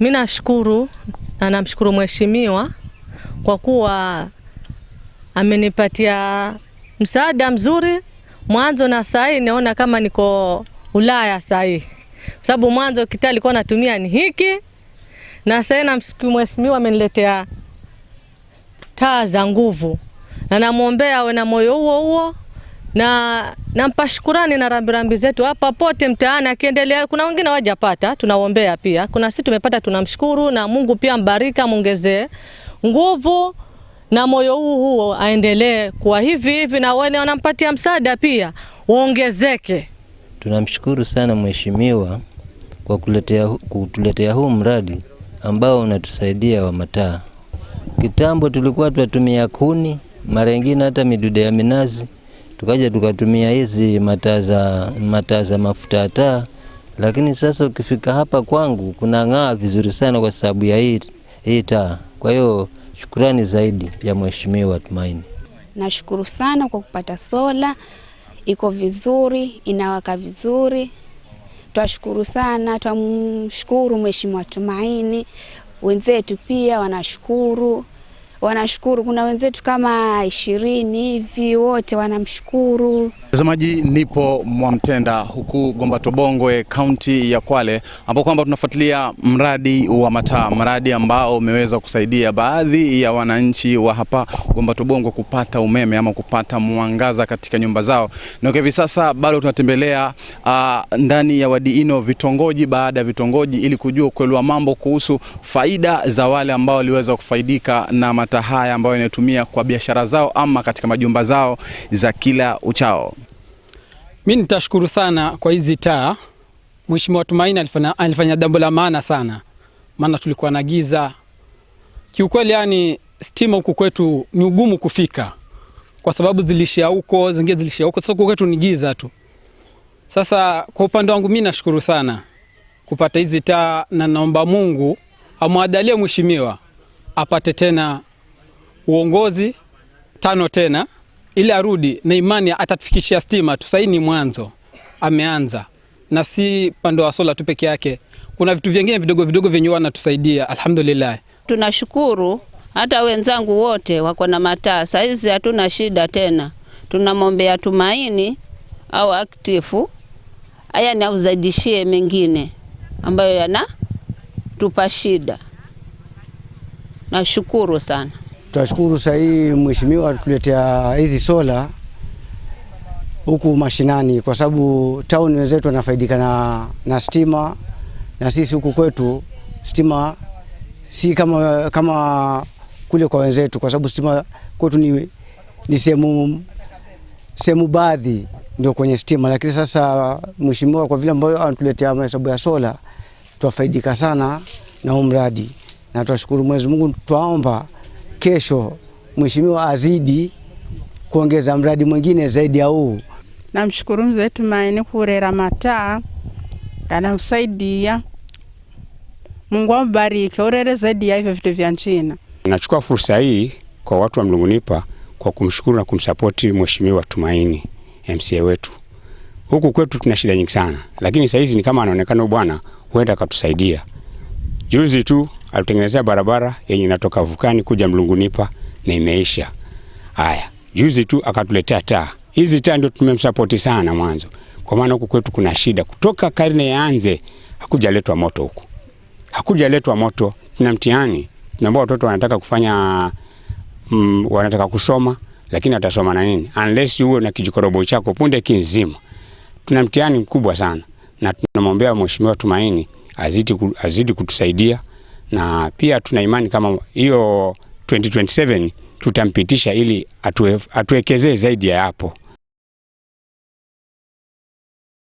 Mimi nashukuru na namshukuru mheshimiwa kwa kuwa amenipatia msaada mzuri mwanzo, na saa hii naona kama niko Ulaya saa hii, kwa sababu mwanzo kitaa alikuwa natumia ni hiki, na saa hii namshukuru mheshimiwa ameniletea taa za nguvu, na namwombea awe na moyo huo huo na nampa shukurani na rambirambi zetu hapa pote mtaani akiendelea. Kuna wengine wajapata, tunaombea pia. Kuna sisi tumepata, tunamshukuru na Mungu pia mbarika, amwongezee nguvu na moyo huu huo aendelee kuwa hivi hivi, na wale wanampatia msaada pia waongezeke. Tunamshukuru sana mheshimiwa kwa kuletea, kutuletea huu mradi ambao unatusaidia wa mataa. Kitambo tulikuwa tunatumia kuni, mara nyingine hata midude ya minazi tukaja tukatumia hizi mataza za mafuta ya taa, lakini sasa ukifika hapa kwangu kuna ng'aa vizuri sana kwa sababu ya hii hii taa. Kwa hiyo shukurani zaidi ya Mheshimiwa Tumaini. Nashukuru sana kwa kupata sola, iko vizuri, inawaka vizuri. Twashukuru sana, twamshukuru Mheshimiwa Tumaini, wenzetu pia wanashukuru wanashukuru. Kuna wenzetu kama ishirini hivi, wote wanamshukuru. Mtazamaji, nipo Mwamtenda huku tobongwe kaunti ya Kwale, ambapo kwamba tunafuatilia mradi wa mataa, mradi ambao umeweza kusaidia baadhi ya wananchi wa hapa Gombatobongwe kupata umeme ama kupata mwangaza katika nyumba zao, na hivi sasa bado tunatembelea uh, ndani ya wadi ino, vitongoji baada ya vitongoji, ili kujua ukweli wa mambo kuhusu faida za wale ambao waliweza kufaidika na mataa mafuta haya ambayo yanatumia kwa biashara zao ama katika majumba zao za kila uchao. Mimi nitashukuru sana kwa hizi taa. Mheshimiwa Tumaini alifanya, alifanya jambo la maana sana, maana tulikuwa na giza kiukweli, yani stima huku kwetu ni ugumu kufika kwa sababu zilishia huko, zingine zilishia huko. Sasa huku kwetu ni giza tu. Sasa kwa upande wangu mimi nashukuru sana kupata hizi taa na naomba Mungu amwadalie mheshimiwa apate tena uongozi tano tena ili arudi na imani atatufikishia stima tu. Sasa ni mwanzo ameanza, na si pande wa sola tu peke yake, kuna vitu vingine vidogo vidogo vyenye wanatusaidia. Alhamdulillah, tunashukuru. Hata wenzangu wote wako na mataa saizi, hatuna shida tena. Tunamwombea Tumaini au aktifu aya ni auzaidishie mengine ambayo yanatupa shida. Nashukuru sana. Tunashukuru sasa hii mheshimiwa tuletea hizi sola huku mashinani, kwa sababu town wenzetu wanafaidika na, na stima na sisi huku kwetu stima si kama, kama kule kwa wenzetu, kwa sababu stima kwetu ni, ni sehemu sehemu baadhi ndio kwenye stima, lakini sasa mheshimiwa kwa vile ambayo anatuletea mahesabu ya sola twafaidika sana na huu mradi na twashukuru Mwenyezi Mungu, twaomba kesho mheshimiwa azidi kuongeza mradi mwingine zaidi ya huu. Namshukuru mzee Tumaini kurera mataa kanamsaidia. Mungu ambariki urere zaidi ya hivyo vitu vya nchina. Nachukua fursa hii kwa watu wa Mlungunipa kwa kumshukuru na kumsapoti mheshimiwa Tumaini MCA wetu. Huku kwetu tuna shida nyingi sana, lakini saa hizi ni kama anaonekana bwana, huenda akatusaidia. Juzi tu alitengenezea barabara yenye inatoka Vukani kuja Mlungunipa na imeisha. Haya, juzi tu akatuletea taa. Hizi taa ndio tumemsapoti sana mwanzo, kwa maana huku kwetu kuna shida. Kutoka karne yaanze hakujaletwa moto huku, hakujaletwa moto. Tuna mtihani, tunaambia watoto wanataka kufanya mm, wanataka kusoma, lakini atasoma na nini unless uwe na kijikorobo chako punde kinzima. Tuna mtihani mkubwa sana, na tunamwombea mheshimiwa Tumaini azidi, azidi kutusaidia na pia tuna imani kama hiyo 2027 tutampitisha ili atuekezee zaidi ya hapo.